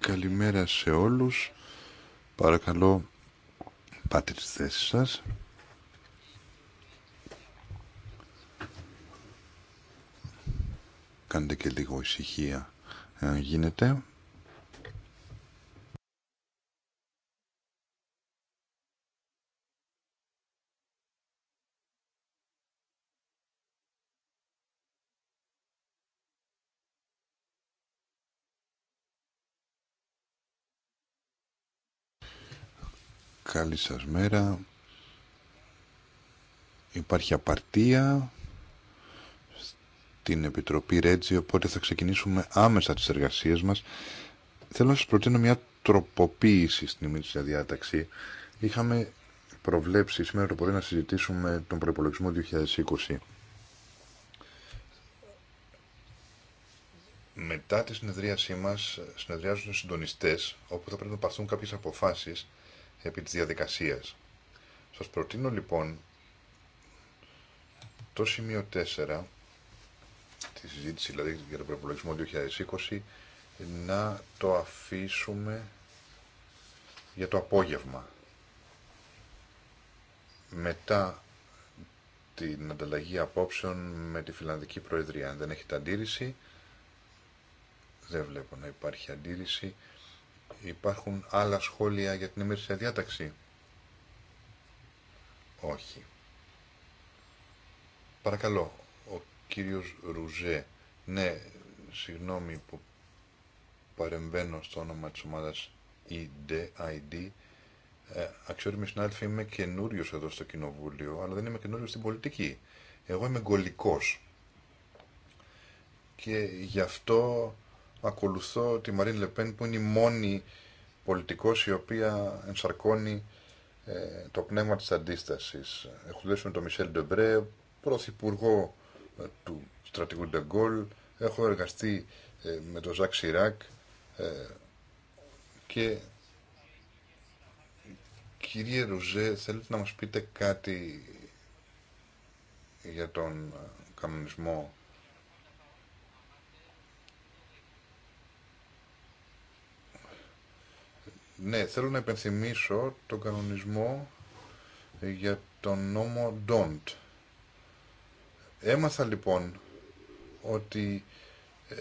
Καλημέρα σε όλους. Παρακαλώ, πάτε τις θέσεις σας. Κάντε και λίγο ησυχία, αν γίνεται. Καλή σας μέρα. Υπάρχει απαρτία στην Επιτροπή Ρέτζη, οπότε θα ξεκινήσουμε άμεσα τις εργασίες μας. Θέλω να σας προτείνω μια τροποποίηση στην ημίτησια διάταξη. Είχαμε προβλέψει σήμερα το πρωί να συζητήσουμε τον προϋπολογισμό 2020. Μετά τη συνεδρίασή μας συνεδριάζουν συντονιστές, όπου θα πρέπει να παρθούν κάποιες αποφάσεις επί της διαδικασίας. Σας προτείνω λοιπόν το σημείο 4 τη συζήτηση δηλαδή για τον προπολογισμό 2020 να το αφήσουμε για το απόγευμα μετά την ανταλλαγή απόψεων με τη Φιλανδική Προεδρία. Αν δεν έχετε αντίρρηση, δεν βλέπω να υπάρχει αντίρρηση, Υπάρχουν άλλα σχόλια για την ημερήσια διάταξη. Όχι. Παρακαλώ, ο κύριος Ρουζέ. Ναι, συγγνώμη που παρεμβαίνω στο όνομα της ομάδας e ID. Ε, Αξιόριμη Αξιότιμοι είμαι καινούριο εδώ στο Κοινοβούλιο, αλλά δεν είμαι καινούριο στην πολιτική. Εγώ είμαι γκολικός. Και γι' αυτό ακολουθώ τη Μαρίν Λεπέν που είναι η μόνη πολιτικός η οποία ενσαρκώνει ε, το πνεύμα της αντίστασης. Έχω δουλέψει με τον Μισελ Ντεμπρέ, πρωθυπουργό ε, του στρατηγού Ντεγκόλ, έχω εργαστεί ε, με τον Ζακ Σιράκ και κύριε Ρουζέ θέλετε να μας πείτε κάτι για τον κανονισμό Ναι, θέλω να επενθυμίσω τον κανονισμό ε, για τον νόμο Don't. Έμαθα λοιπόν ότι ε,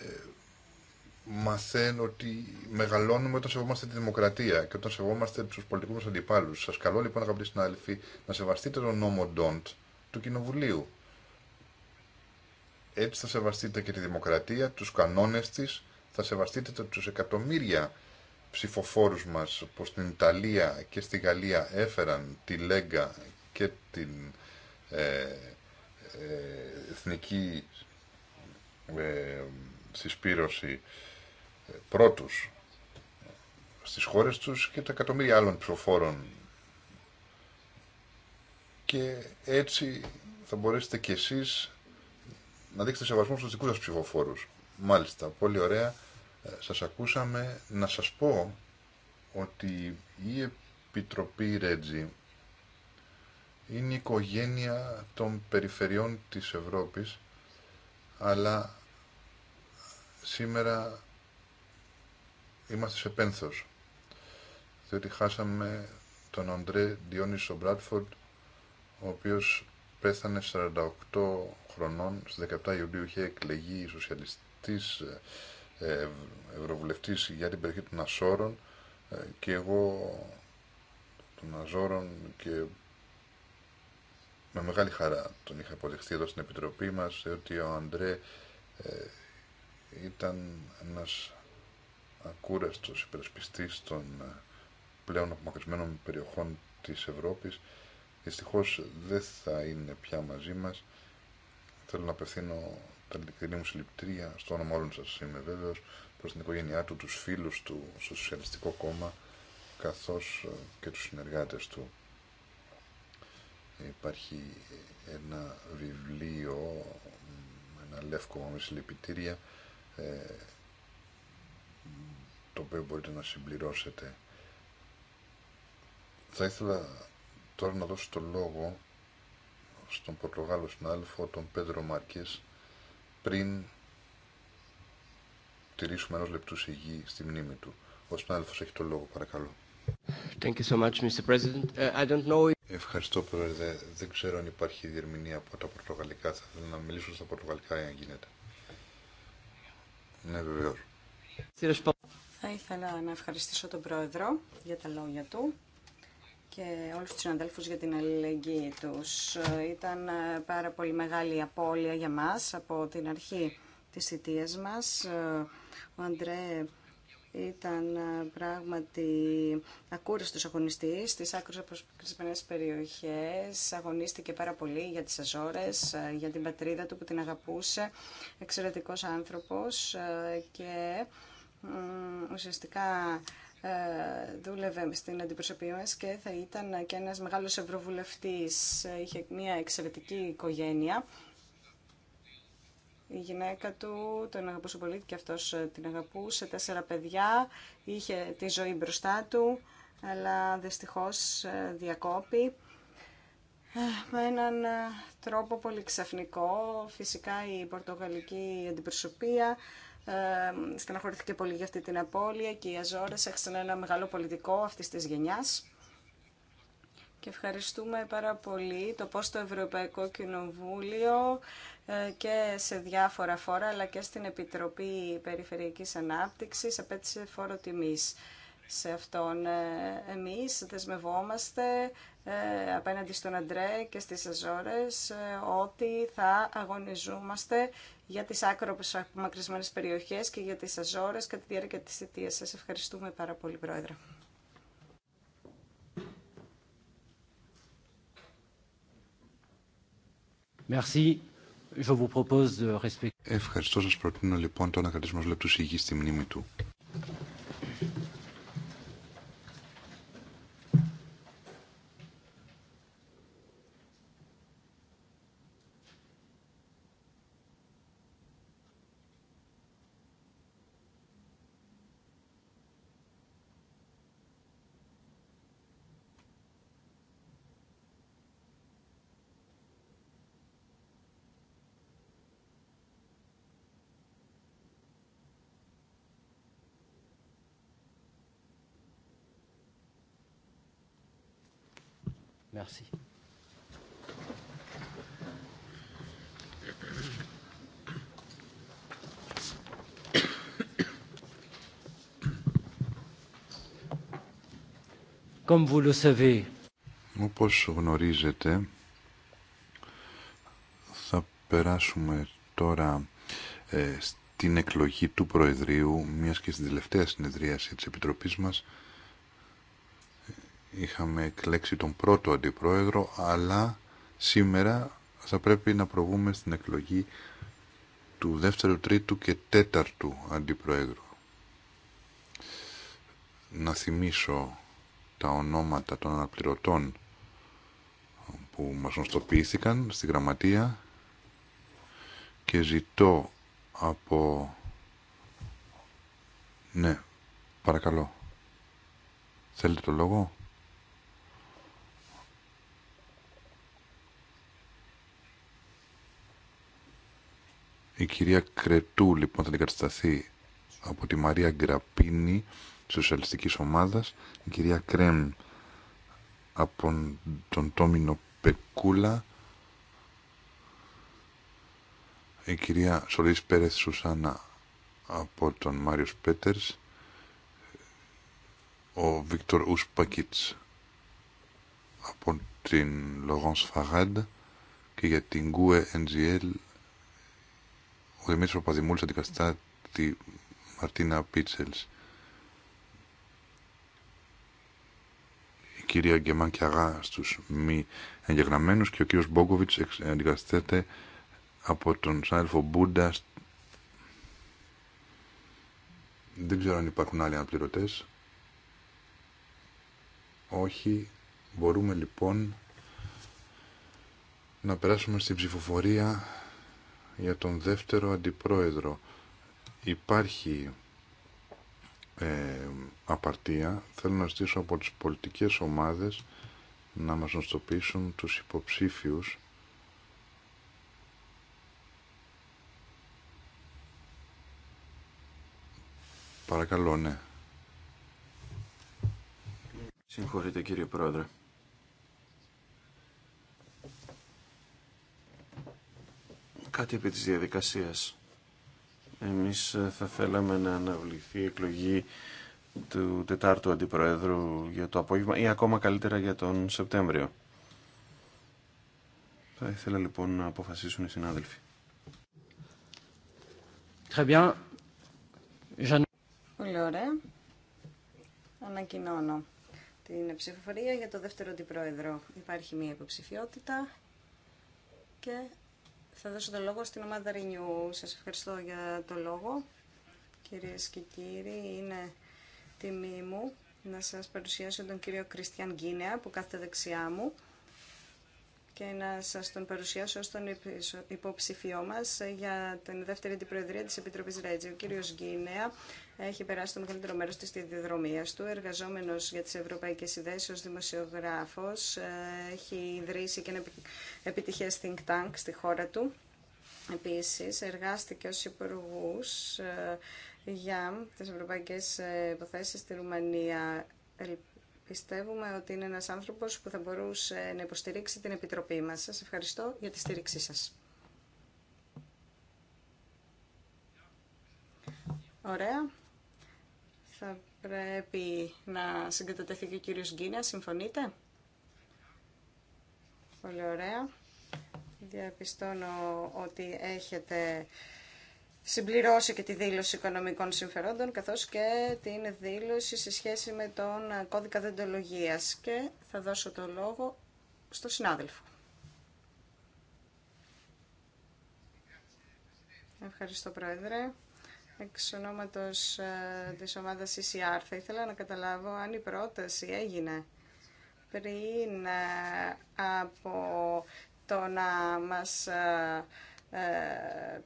μαθαίνω ότι μεγαλώνουμε όταν σεβόμαστε τη δημοκρατία και όταν σεβόμαστε τους πολιτικούς μας αντιπάλους. Σας καλώ λοιπόν αγαπητοί συνάδελφοι να σεβαστείτε τον νόμο Don't του Κοινοβουλίου. Έτσι θα σεβαστείτε και τη δημοκρατία, τους κανόνες της, θα σεβαστείτε τους εκατομμύρια ψηφοφόρους μας πως στην Ιταλία και στη Γαλλία έφεραν τη Λέγκα και την ε, ε, εθνική ε, συσπήρωση ε, πρώτους στις χώρες τους και τα εκατομμύρια άλλων ψηφοφόρων και έτσι θα μπορέσετε κι εσείς να δείξετε σεβασμό στους δικούς σας ψηφοφόρους. Μάλιστα, πολύ ωραία σας ακούσαμε να σας πω ότι η Επιτροπή Ρέτζι είναι η οικογένεια των περιφερειών της Ευρώπης αλλά σήμερα είμαστε σε πένθος διότι χάσαμε τον Αντρέ Διόνυσο Μπράτφορντ ο οποίος πέθανε 48 χρονών στις 17 Ιουλίου είχε εκλεγεί σοσιαλιστής ε, ε, ευρωβουλευτής για την περιοχή των Ασόρων ε, και εγώ των Αζόρων και με μεγάλη χαρά τον είχα υποδεχθεί εδώ στην Επιτροπή μας ότι ο Αντρέ ε, ήταν ένας ακούραστος υπερασπιστής των ε, πλέον απομακρυσμένων περιοχών της Ευρώπης δυστυχώς δεν θα είναι πια μαζί μας θέλω να απευθύνω τα ειλικρινή μου συλληπιτήρια, στο όνομα όλων σας είμαι βέβαιος προς την οικογένειά του, τους φίλους του στο Σοσιαλιστικό Κόμμα καθώς ε, και τους συνεργάτες του. Υπάρχει ένα βιβλίο, ένα λεύκο με συλληπιτήρια ε, το οποίο μπορείτε να συμπληρώσετε. Θα ήθελα τώρα να δώσω το λόγο στον Πορτογάλο συνάδελφο, τον Πέντρο Μάρκες, πριν τηρήσουμε ενό λεπτού γη στη μνήμη του. Ο συνάδελφος έχει το λόγο, παρακαλώ. Thank you so much, Mr. President. Uh, I don't know Ευχαριστώ, Πρόεδρε. Δεν ξέρω αν υπάρχει διερμηνία από τα πορτογαλικά. Θα ήθελα να μιλήσω στα πορτογαλικά, αν γίνεται. Ναι, βεβαίω. Θα ήθελα να ευχαριστήσω τον Πρόεδρο για τα λόγια του και όλους τους συναδέλφους για την αλληλεγγύη τους. Ήταν ε, πάρα πολύ μεγάλη απώλεια για μας από την αρχή της θητείας μας. Ε, ο Αντρέ ήταν ε, πράγματι ακούραστος αγωνιστής στις από αποσπασμένες περιοχές. Αγωνίστηκε πάρα πολύ για τις Αζόρες, για την πατρίδα του που την αγαπούσε. Εξαιρετικός άνθρωπος και ουσιαστικά ε, δούλευε στην αντιπροσωπή μας και θα ήταν και ένας μεγάλος ευρωβουλευτής. Είχε μια εξαιρετική οικογένεια. Η γυναίκα του τον αγαπούσε πολύ και αυτός ε, την αγαπούσε. Τέσσερα παιδιά, είχε τη ζωή μπροστά του, αλλά δυστυχώς ε, διακόπη. Με έναν τρόπο πολύ ξαφνικό, φυσικά η πορτογαλική αντιπροσωπεία ε, στεναχωρηθήκε πολύ για αυτή την απώλεια και οι Αζόρες έχασαν ένα μεγάλο πολιτικό αυτής της γενιάς. Και ευχαριστούμε πάρα πολύ το πώς το Ευρωπαϊκό Κοινοβούλιο ε, και σε διάφορα φόρα αλλά και στην Επιτροπή Περιφερειακής Ανάπτυξης απέτυσε φόρο τιμής σε αυτόν. Ε, εμείς δεσμευόμαστε απέναντι στον Αντρέ και στις Αζόρες ότι θα αγωνιζόμαστε για τις άκροπες απομακρυσμένες περιοχές και για τις αζόρες κατά τη διάρκεια της θητείας σας. Ευχαριστούμε πάρα πολύ, Πρόεδρε. Merci. Je Ευχαριστώ σας προτείνω λοιπόν τον να λεπτού στη μνήμη του. Merci. Comme Όπως γνωρίζετε, θα περάσουμε τώρα ε, στην εκλογή του Προεδρείου, μιας και στην τελευταία συνεδρίαση της Επιτροπής μας, είχαμε εκλέξει τον πρώτο αντιπρόεδρο, αλλά σήμερα θα πρέπει να προβούμε στην εκλογή του δεύτερου, τρίτου και τέταρτου αντιπρόεδρου. Να θυμίσω τα ονόματα των αναπληρωτών που μας νοστοποιήθηκαν στη γραμματεία και ζητώ από... Ναι, παρακαλώ. Θέλετε το λόγο. Η κυρία Κρετού λοιπόν θα αντικατασταθεί από τη Μαρία Γκραπίνη της Σοσιαλιστικής Ομάδας, η κυρία Κρέμ από τον Τόμινο Πεκούλα, η κυρία Σολής Πέρεθ Σουσάνα από τον Μάριος Πέτερς, ο Βίκτορ Ουσπακίτς από την Λογόνς Φαγάντ και για την Γκουε NGL ο Δημήτρης Παπαδημούλης αντικαθιστά τη Μαρτίνα Πίτσελς. Η κυρία Γκεμάν και Αγά στους μη εγγεγραμμένους και ο κύριος Μπόγκοβιτς αντικαθιστέται από τον Σάιλφο Μπούντα δεν ξέρω αν υπάρχουν άλλοι αναπληρωτές όχι μπορούμε λοιπόν να περάσουμε στην ψηφοφορία για τον δεύτερο αντιπρόεδρο. Υπάρχει ε, απαρτία. Θέλω να ζητήσω από τις πολιτικές ομάδες να μας νοστοποιήσουν τους υποψήφιους Παρακαλώ, ναι. Συγχωρείτε κύριε Πρόεδρε. κάτι επί της διαδικασίας. Εμείς ε, θα θέλαμε να αναβληθεί η εκλογή του τετάρτου αντιπροέδρου για το απόγευμα ή ακόμα καλύτερα για τον Σεπτέμβριο. Θα ήθελα λοιπόν να αποφασίσουν οι συνάδελφοι. Πολύ ωραία. Ανακοινώνω την ψηφοφορία για το δεύτερο αντιπρόεδρο. Υπάρχει μία υποψηφιότητα και θα δώσω το λόγο στην ομάδα Renew. Σας ευχαριστώ για το λόγο. Κυρίες και κύριοι, είναι τιμή μου να σας παρουσιάσω τον κύριο Κριστιαν Γκίνεα που κάθεται δεξιά μου και να σας τον παρουσιάσω ως τον υποψηφιό μας για την δεύτερη αντιπροεδρία της Επιτροπής Ρέτζη. Ο κύριος Γκίνεα έχει περάσει το μεγαλύτερο μέρο τη διαδρομία του. Εργαζόμενος για τις ευρωπαϊκές ιδέε ως δημοσιογράφος, ε, έχει ιδρύσει και ένα επιτυχές think tank στη χώρα του. Επίσης, εργάστηκε ως υπουργού ε, για τις ευρωπαϊκές ε, υποθέσεις στη Ρουμανία. Πιστεύουμε ότι είναι ένας άνθρωπος που θα μπορούσε να υποστηρίξει την Επιτροπή μας. Σας ευχαριστώ για τη στήριξή σας. Ωραία. Θα πρέπει να συγκατατεθεί και ο κύριος Γκίνα, συμφωνείτε. Πολύ ωραία. Διαπιστώνω ότι έχετε συμπληρώσει και τη δήλωση οικονομικών συμφερόντων καθώς και την δήλωση σε σχέση με τον κώδικα δεντολογίας και θα δώσω το λόγο στο συνάδελφο. Ευχαριστώ Πρόεδρε. Εξ ονόματος ε, της ομάδας CCR θα ήθελα να καταλάβω αν η πρόταση έγινε πριν ε, από το να μας ε,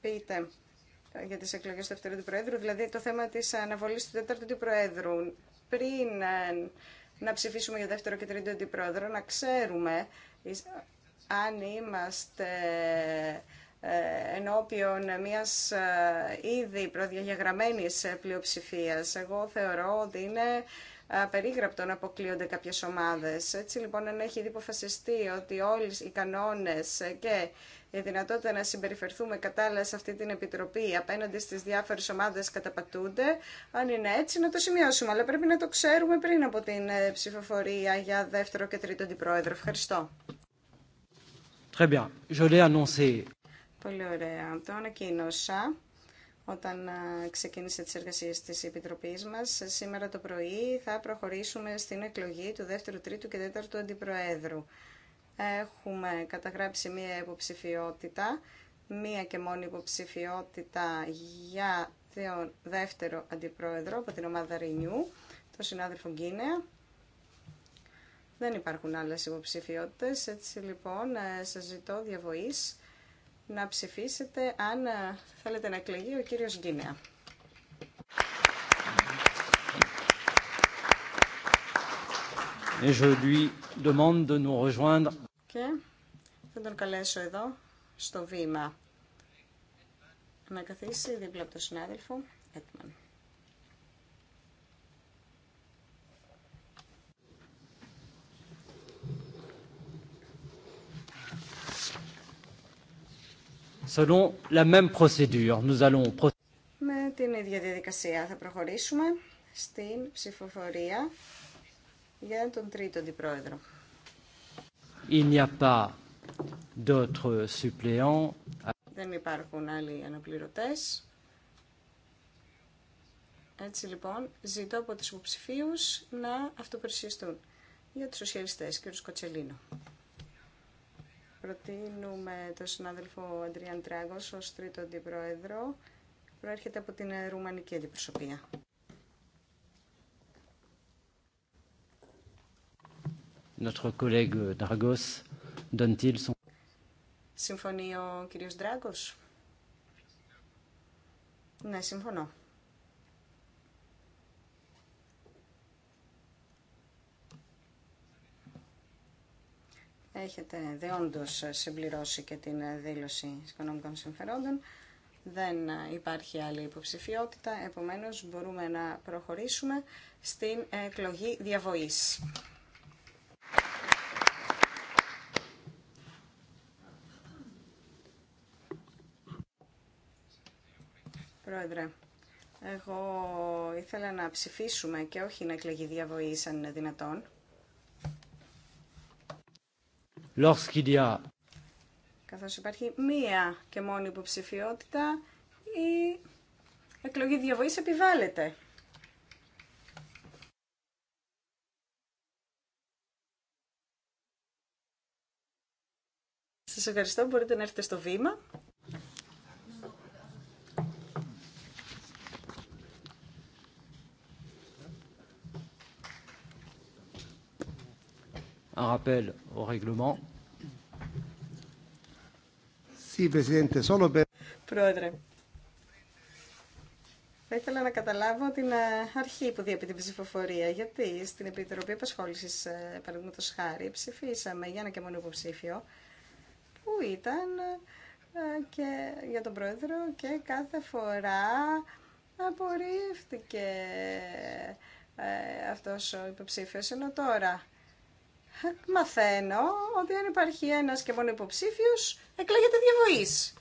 πείτε για τις εκλογές του Δευτερού του Προέδρου, δηλαδή το θέμα της αναβολής του Τέταρτου του Προέδρου. Πριν να ψηφίσουμε για δεύτερο και τρίτο αντιπρόεδρο, να ξέρουμε αν είμαστε ε, ενώπιον μιας ε, ήδη προδιαγεγραμμένης ε, πλειοψηφίας. Εγώ θεωρώ ότι είναι περίγραπτο να αποκλείονται κάποιες ομάδες. Έτσι λοιπόν αν έχει διποφασιστεί ότι όλοι οι κανόνες και η δυνατότητα να συμπεριφερθούμε κατάλληλα σε αυτή την επιτροπή απέναντι στις διάφορες ομάδες καταπατούνται, αν είναι έτσι να το σημειώσουμε, αλλά πρέπει να το ξέρουμε πριν από την ψηφοφορία για δεύτερο και τρίτο αντιπρόεδρο. Ευχαριστώ. Très bien. Je Πολύ ωραία. Το ανακοίνωσα όταν ξεκίνησε τις εργασίες της Επιτροπής μας. Σήμερα το πρωί θα προχωρήσουμε στην εκλογή του δεύτερου, τρίτου και τέταρτου Αντιπροέδρου. Έχουμε καταγράψει μία υποψηφιότητα, μία και μόνη υποψηφιότητα για τον δεύτερο Αντιπρόεδρο από την ομάδα Ρινιού, τον συνάδελφο Γκίνεα. Δεν υπάρχουν άλλες υποψηφιότητες, έτσι λοιπόν ε, σας ζητώ διαβοής να ψηφίσετε αν ε, θέλετε να εκλεγεί ο κύριος Γκίνεα. Και θα τον καλέσω εδώ στο βήμα να καθίσει δίπλα από τον συνάδελφο Έτμαν. Selon la même procédure, nous allons... Με την ίδια διαδικασία θα προχωρήσουμε στην ψηφοφορία για τον τρίτο αντιπρόεδρο. Il n'y a pas d'autres suppléants. Δεν υπάρχουν άλλοι αναπληρωτές. Έτσι λοιπόν, ζητώ από τους υποψηφίους να αυτοπερισιαστούν για τους σοσιαλιστές, κύριο Κοτσελίνο. Προτείνουμε τον συνάδελφο Αντριάν Τράγκο ω τρίτο αντιπρόεδρο. Προέρχεται από την Ρουμανική Αντιπροσωπεία. Notre collègue Dragos donne-t-il son... Συμφωνεί ο κύριο Δράγκος. Ναι, συμφωνώ. έχετε δεόντως συμπληρώσει και την δήλωση οικονομικών συμφερόντων. Δεν υπάρχει άλλη υποψηφιότητα, επομένως μπορούμε να προχωρήσουμε στην εκλογή διαβοής. Πρόεδρε, εγώ ήθελα να ψηφίσουμε και όχι να εκλεγεί διαβοή αν είναι δυνατόν. Καθώς υπάρχει μία και μόνη υποψηφιότητα, η εκλογή διαβοής επιβάλλεται. Σας ευχαριστώ. Μπορείτε να έρθετε στο βήμα. un rappel au règlement. Sì, solo per... Πρόεδρε, θα ήθελα να καταλάβω την ε, αρχή που διέπει την ψηφοφορία. Γιατί στην Επιτροπή Επασχόληση, ε, παραδείγματο χάρη, ψηφίσαμε για ένα και μόνο υποψήφιο που ήταν ε, και για τον πρόεδρο και κάθε φορά απορρίφθηκε αυτός ο υποψήφιος. Ενώ τώρα μαθαίνω ότι αν υπάρχει ένας και μόνο υποψήφιος, εκλέγεται διαβοής.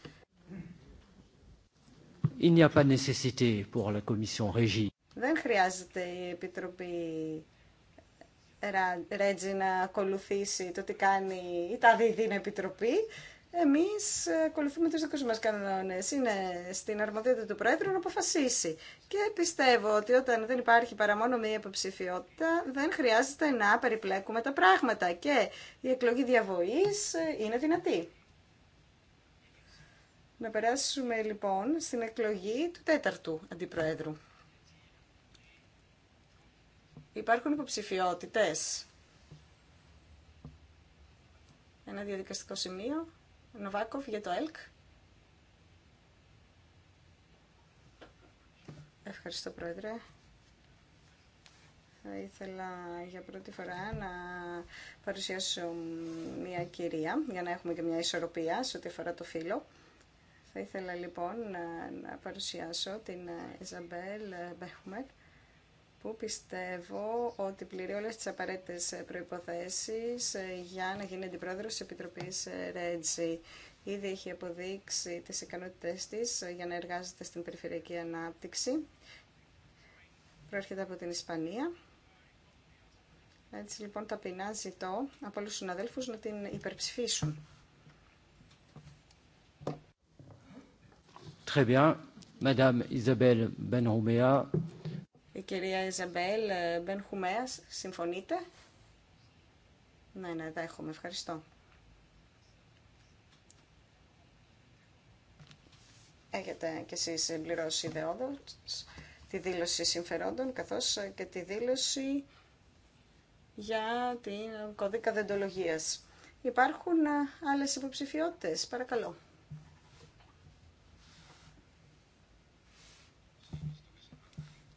Δεν χρειάζεται η Επιτροπή ε, Ρέτζι να ακολουθήσει το τι κάνει η Ταδίδιν Επιτροπή. Εμείς ακολουθούμε τους δικού μα κανόνες. Είναι στην αρμοδιότητα του Πρόεδρου να αποφασίσει. Και πιστεύω ότι όταν δεν υπάρχει παρά μόνο μία υποψηφιότητα, δεν χρειάζεται να περιπλέκουμε τα πράγματα. Και η εκλογή διαβοή είναι δυνατή. Να περάσουμε λοιπόν στην εκλογή του τέταρτου αντιπροέδρου. Υπάρχουν υποψηφιότητες. Ένα διαδικαστικό σημείο. Νοβάκοφ για το ΕΛΚ. Ευχαριστώ Πρόεδρε. Θα ήθελα για πρώτη φορά να παρουσιάσω μια κυρία για να έχουμε και μια ισορροπία σε ό,τι αφορά το φύλλο. Θα ήθελα λοιπόν να παρουσιάσω την Ιζαμπέλ Μπέχουμερ που πιστεύω ότι πληρεί όλες τις απαραίτητες ε, προϋποθέσεις ε, για να γίνει αντιπρόεδρος της Επιτροπής ε, Ρέτζη. Ήδη έχει αποδείξει τις ικανότητες της για να εργάζεται στην περιφερειακή ανάπτυξη. Προέρχεται από την Ισπανία. Έτσι λοιπόν ταπεινά ζητώ από όλους τους συναδέλφους να την υπερψηφίσουν. Très bien. Madame Isabelle η κυρία Ιζαμπέλ ε, Μπεν συμφωνείτε. Ναι, ναι, τα έχουμε. Ευχαριστώ. Έχετε κι εσείς πληρώσει ιδεόδος τη δήλωση συμφερόντων καθώς ε, και τη δήλωση για την κωδίκα δεντολογίας. Υπάρχουν ε, άλλες υποψηφιότητες. Παρακαλώ.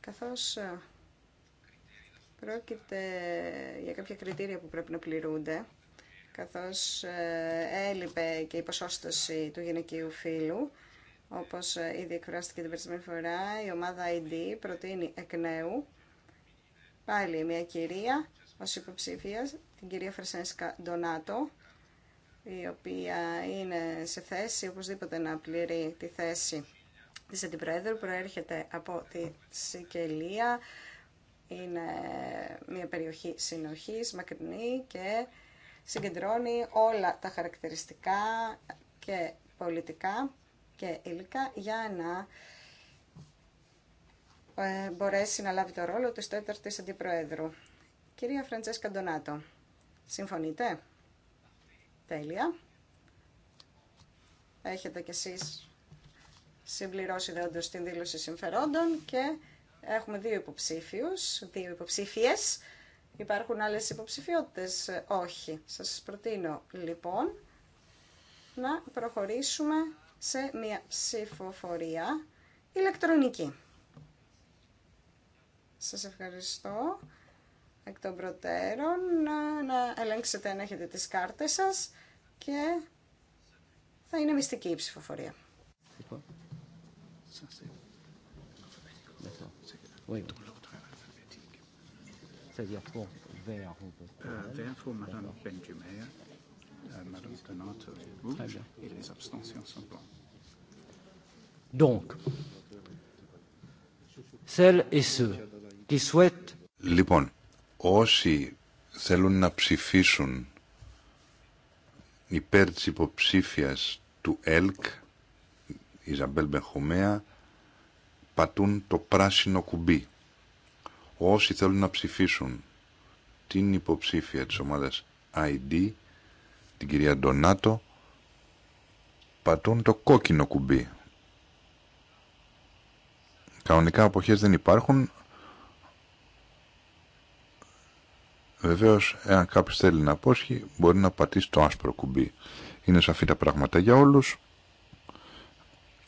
καθώς ε, πρόκειται για κάποια κριτήρια που πρέπει να πληρούνται, καθώς ε, έλειπε και η ποσόστοση του γυναικείου φύλου, όπως ε, ήδη εκφράστηκε την περσμένη φορά, η ομάδα ID προτείνει εκ νέου πάλι μια κυρία ως υποψήφια, την κυρία Φρασένσκα Ντονάτο, η οποία είναι σε θέση οπωσδήποτε να πληρεί τη θέση της Αντιπρόεδρου προέρχεται από τη Σικελία. Είναι μια περιοχή συνοχής, μακρινή και συγκεντρώνει όλα τα χαρακτηριστικά και πολιτικά και υλικά για να ε, μπορέσει να λάβει το ρόλο της τέταρτης αντιπροέδρου. Κυρία Φραντσέσκα Ντονάτο, συμφωνείτε? Τέλεια. Έχετε κι εσείς συμπληρώσει δόντω την δήλωση συμφερόντων και έχουμε δύο υποψήφιους, δύο υποψήφιες. Υπάρχουν άλλες υποψηφιότητες. Όχι. Σας προτείνω λοιπόν να προχωρήσουμε σε μια ψηφοφορία ηλεκτρονική. Σας ευχαριστώ εκ των προτέρων ε, να ελέγξετε αν έχετε τις κάρτες σας και θα είναι μυστική η ψηφοφορία. Λοιπόν. C'est-à-dire pour vert, on peut. Euh, vert pour Madame Benjumeyer, euh, Madame Donato et Très bien. et les abstentions sont bonnes. Donc, celles et ceux qui souhaitent. Λοιπόν, όσοι θέλουν να ψηφίσουν υπέρ της υποψήφιας του ΕΛΚ Ιζαμπέλ Μπεχομέα, πατούν το πράσινο κουμπί. Όσοι θέλουν να ψηφίσουν την υποψήφια της ομάδας ID, την κυρία Ντονάτο, πατούν το κόκκινο κουμπί. Κανονικά αποχές δεν υπάρχουν. Βεβαίως, εάν κάποιος θέλει να απόσχει, μπορεί να πατήσει το άσπρο κουμπί. Είναι σαφή τα πράγματα για όλους.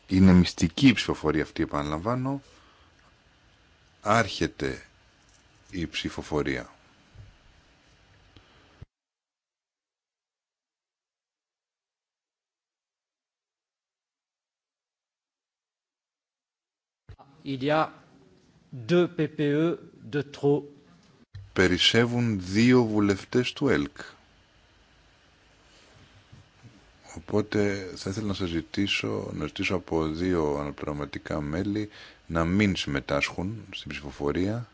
Είναι μυστική η ψηφοφορία αυτή, επαναλαμβάνω. Άρχεται η ψηφοφορία. Il y a PPE de trop. Περισσεύουν δύο βουλευτές του ΕΛΚ. Οπότε θα ήθελα να σας ζητήσω, να ζητήσω από δύο αναπληρωματικά μέλη να μην συμμετάσχουν στην ψηφοφορία.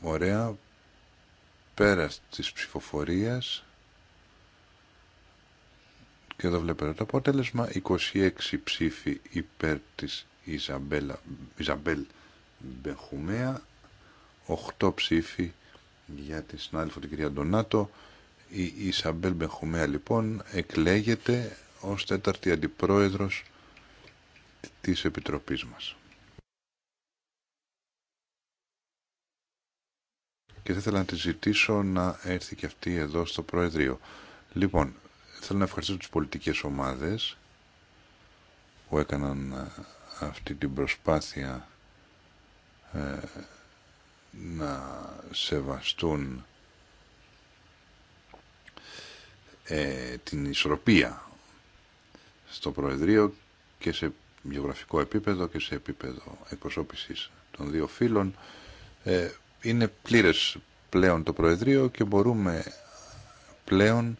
Ωραία. πέρα της ψηφοφορίας και εδώ βλέπετε το αποτέλεσμα 26 ψήφοι υπέρ της Ιζαμπέλ Μπεχουμέα 8 ψήφοι για τη συνάδελφο την κυρία Ντονάτο. Η Ισαμπέλ Μπεχουμέα λοιπόν εκλέγεται ως τέταρτη αντιπρόεδρος της Επιτροπής μας. Και θα ήθελα να τη ζητήσω να έρθει και αυτή εδώ στο Προεδρείο. Λοιπόν, θέλω να ευχαριστήσω τις πολιτικές ομάδες που έκαναν ε, αυτή την προσπάθεια ε, να σεβαστούν ε, την ισορροπία στο Προεδρείο και σε γεωγραφικό επίπεδο και σε επίπεδο εκπροσώπησης των δύο φύλων. Ε, είναι πλήρες πλέον το Προεδρείο και μπορούμε πλέον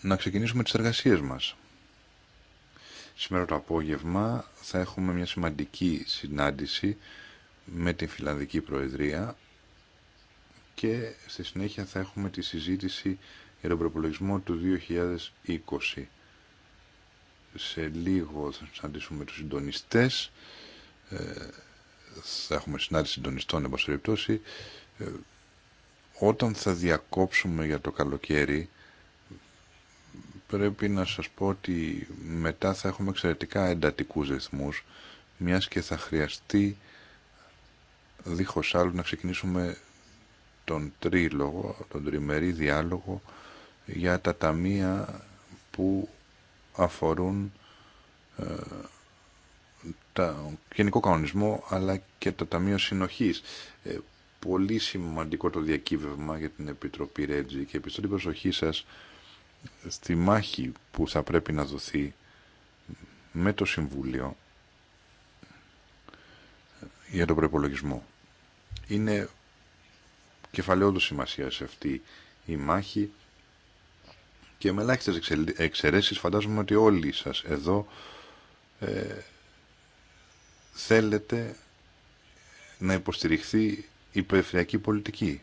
να ξεκινήσουμε τις εργασίες μας. Σήμερα το απόγευμα θα έχουμε μια σημαντική συνάντηση με την Φιλανδική Προεδρία και στη συνέχεια θα έχουμε τη συζήτηση για τον προπολογισμό του 2020. Σε λίγο θα συναντήσουμε τους συντονιστές, ε, θα έχουμε συνάντηση συντονιστών, εν πάση ε, όταν θα διακόψουμε για το καλοκαίρι, πρέπει να σας πω ότι μετά θα έχουμε εξαιρετικά εντατικούς ρυθμούς, μιας και θα χρειαστεί δίχως άλλο να ξεκινήσουμε τον τρίλογο, τον τριμερή διάλογο για τα ταμεία που αφορούν ε, τα, γενικό κανονισμό αλλά και το Ταμείο Συνοχής. Ε, πολύ σημαντικό το διακύβευμα για την Επιτροπή Ρέτζη και επιστολή την προσοχή σας στη μάχη που θα πρέπει να δοθεί με το Συμβούλιο για τον προπολογισμό. Είναι κεφαλαιόντως σημασία σε αυτή η μάχη και με ελάχιστε εξαιρέσει φαντάζομαι ότι όλοι σας εδώ ε, θέλετε να υποστηριχθεί η περιφερειακή πολιτική.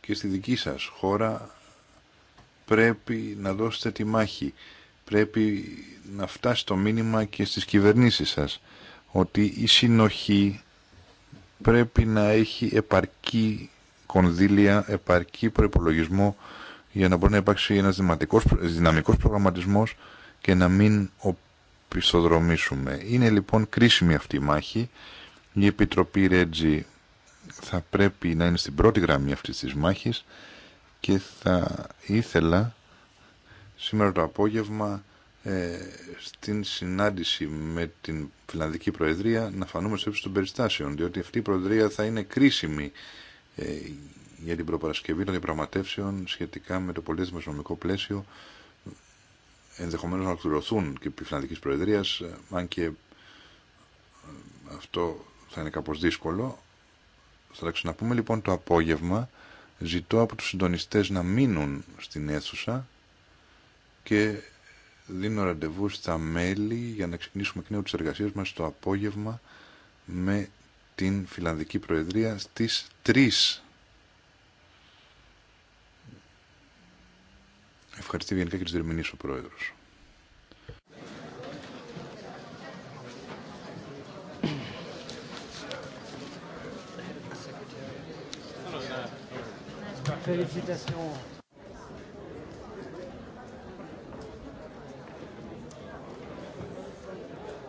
Και στη δική σας χώρα πρέπει να δώσετε τη μάχη. Πρέπει να φτάσει το μήνυμα και στις κυβερνήσεις σας ότι η συνοχή πρέπει να έχει επαρκή κονδύλια, επαρκή προπολογισμό για να μπορεί να υπάρξει ένας δυναμικός προγραμματισμός και να μην οπισθοδρομήσουμε. Είναι λοιπόν κρίσιμη αυτή η μάχη. Η Επιτροπή Ρέτζη θα πρέπει να είναι στην πρώτη γραμμή αυτής της μάχης και θα ήθελα σήμερα το απόγευμα ε, στην συνάντηση με την Φιλανδική Προεδρία να φανούμε στο ύψος των περιστάσεων, διότι αυτή η Προεδρία θα είναι κρίσιμη ε, για την προπαρασκευή των διαπραγματεύσεων σχετικά με το πολιτισμό οικονομικό πλαίσιο, ενδεχομένως να ολοκληρωθούν και επί Φιλανδικής Προεδρίας, ε, αν και αυτό θα είναι κάπως δύσκολο. Θα τα ξαναπούμε λοιπόν το απόγευμα. Ζητώ από τους συντονιστές να μείνουν στην αίθουσα και δίνω ραντεβού στα μέλη για να ξεκινήσουμε εκ νέου τις εργασίες μας το απόγευμα με την Φιλανδική Προεδρία στις 3. Ευχαριστή γενικά και τις δερμηνείς ο Πρόεδρος.